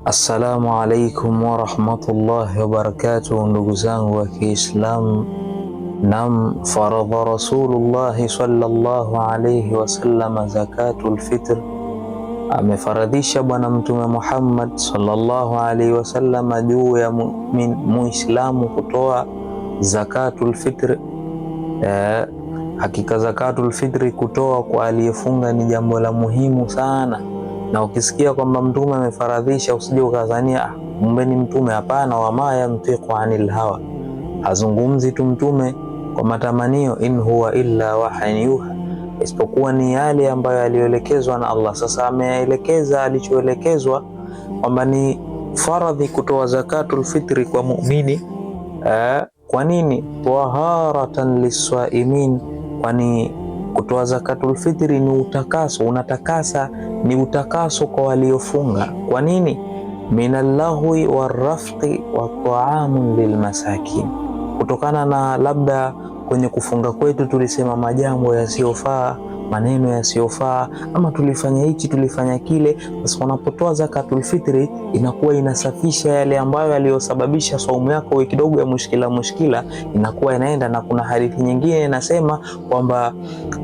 Assalamu alaikum warahmatullahi wabarakatuh, ndugu zangu wa Kiislamu. Nam faradha Rasulullahi sallallahu alaihi wasallam zakatul fitr, amefaradhisha Bwana Mtume Muhammad sallallahu alaihi wasallam juu ya muislamu kutoa zakatul fitr. Eh, hakika zakatul fitri kutoa kwa aliyefunga ni jambo la muhimu sana na ukisikia kwamba mtume amefaradhisha, usije ukazania ah, kumbe ni mtume. Hapana, wama yamtiqu anil hawa, hazungumzi tu mtume kwa matamanio, in huwa illa wahyin yuha, isipokuwa ni yale ambayo aliyoelekezwa na Allah. Sasa ameelekeza alichoelekezwa kwamba ni faradhi kutoa zakatul fitri kwa muumini. Eh, kwa nini? taharatan liswaimin, kwani Kutoa zakatul fitri ni utakaso, unatakasa ni utakaso kwa waliofunga. Kwa nini? minallahwi warafqi wa taamun lilmasakin, kutokana na labda kwenye kufunga kwetu tulisema majambo yasiyofaa, maneno yasiyofaa, ama tulifanya hichi tulifanya kile. Basi unapotoa zakatul fitri inakuwa inasafisha yale ambayo yaliyosababisha saumu yako we kidogo ya mushkila mushkila, inakuwa inaenda. Na kuna hadithi nyingine inasema kwamba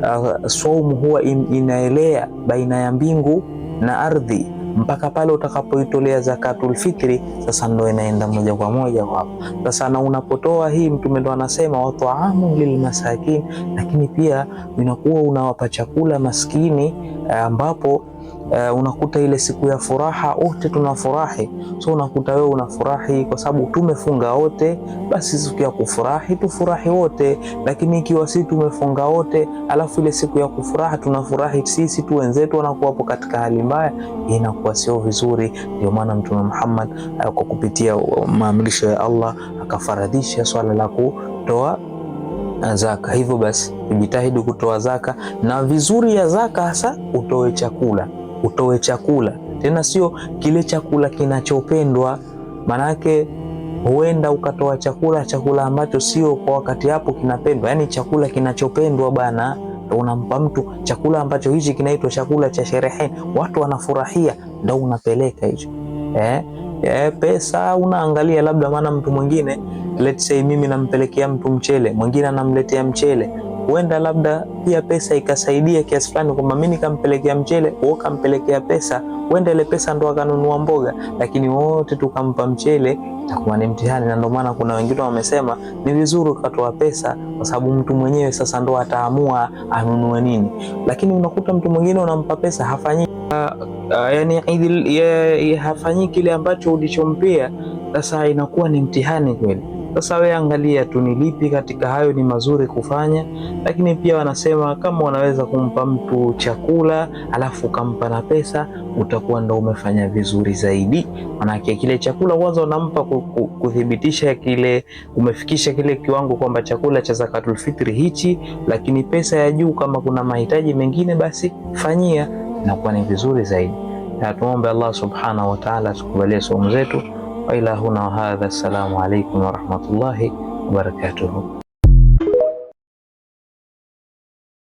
uh, saumu huwa in, inaelea baina ya mbingu na ardhi mpaka pale utakapoitolea zakatul fitri. Sasa ndo inaenda moja kwa moja hapo. Sasa na unapotoa hii, mtume ndo anasema wa taamu masakin, lakini pia unakuwa unawapa chakula maskini eh, ambapo Uh, unakuta ile siku ya furaha wote tunafurahi, so unakuta wewe unafurahi kwa sababu tumefunga wote, basi siku ya kufurahi tufurahi wote. Lakini ikiwa si tumefunga wote, alafu ile siku ya kufurahi tunafurahi sisi tu, wenzetu wanakuwa hapo katika hali mbaya, inakuwa sio vizuri. Ndio maana Mtume Muhammad uh, kwa kupitia uh, maamrisho ya Allah akafaradhisha swala la kutoa eh, zaka. Hivyo basi jitahidi kutoa zaka, na vizuri ya zaka hasa utoe chakula utoe chakula, tena sio kile chakula kinachopendwa, manake huenda ukatoa chakula chakula ambacho sio kwa wakati hapo kinapendwa, yani chakula kinachopendwa bana, unampa mtu chakula ambacho hichi kinaitwa chakula cha sherehe, watu wanafurahia, ndo unapeleka hicho eh? Eh, pesa unaangalia labda, maana mtu mwingine let's say mimi nampelekea mtu mchele, mwingine anamletea mchele huenda labda pia pesa ikasaidia kiasi fulani, kwamba mimi nikampelekea mchele, wewe kampelekea pesa, huenda ile pesa ndo akanunua mboga, lakini wote tukampa mchele, itakuwa ni mtihani. Na ndio maana kuna wengine wamesema ni vizuri ukatoa pesa, kwa sababu mtu mwenyewe sasa ndo ataamua anunue nini. Lakini unakuta mtu mwingine unampa pesa hafanyi uh, uh, yani, idil, ya, ya hafanyi kile ambacho ulichompea. Sasa inakuwa ni mtihani kweli. Sasa we angalia tu ni lipi katika hayo ni mazuri kufanya, lakini pia wanasema kama unaweza kumpa mtu chakula alafu ukampa na pesa, utakuwa ndo umefanya vizuri zaidi. Manake kile chakula kwanza unampa kuthibitisha kile umefikisha kile kiwango kwamba chakula cha zakatul fitri hichi, lakini pesa ya juu kama kuna mahitaji mengine basi fanyia, inakuwa ni vizuri zaidi. Tuombe Allah subhanahu wa ta'ala tukubalie somo zetu. وإلى هنا هذا السلام عليكم ورحمة الله وبركاته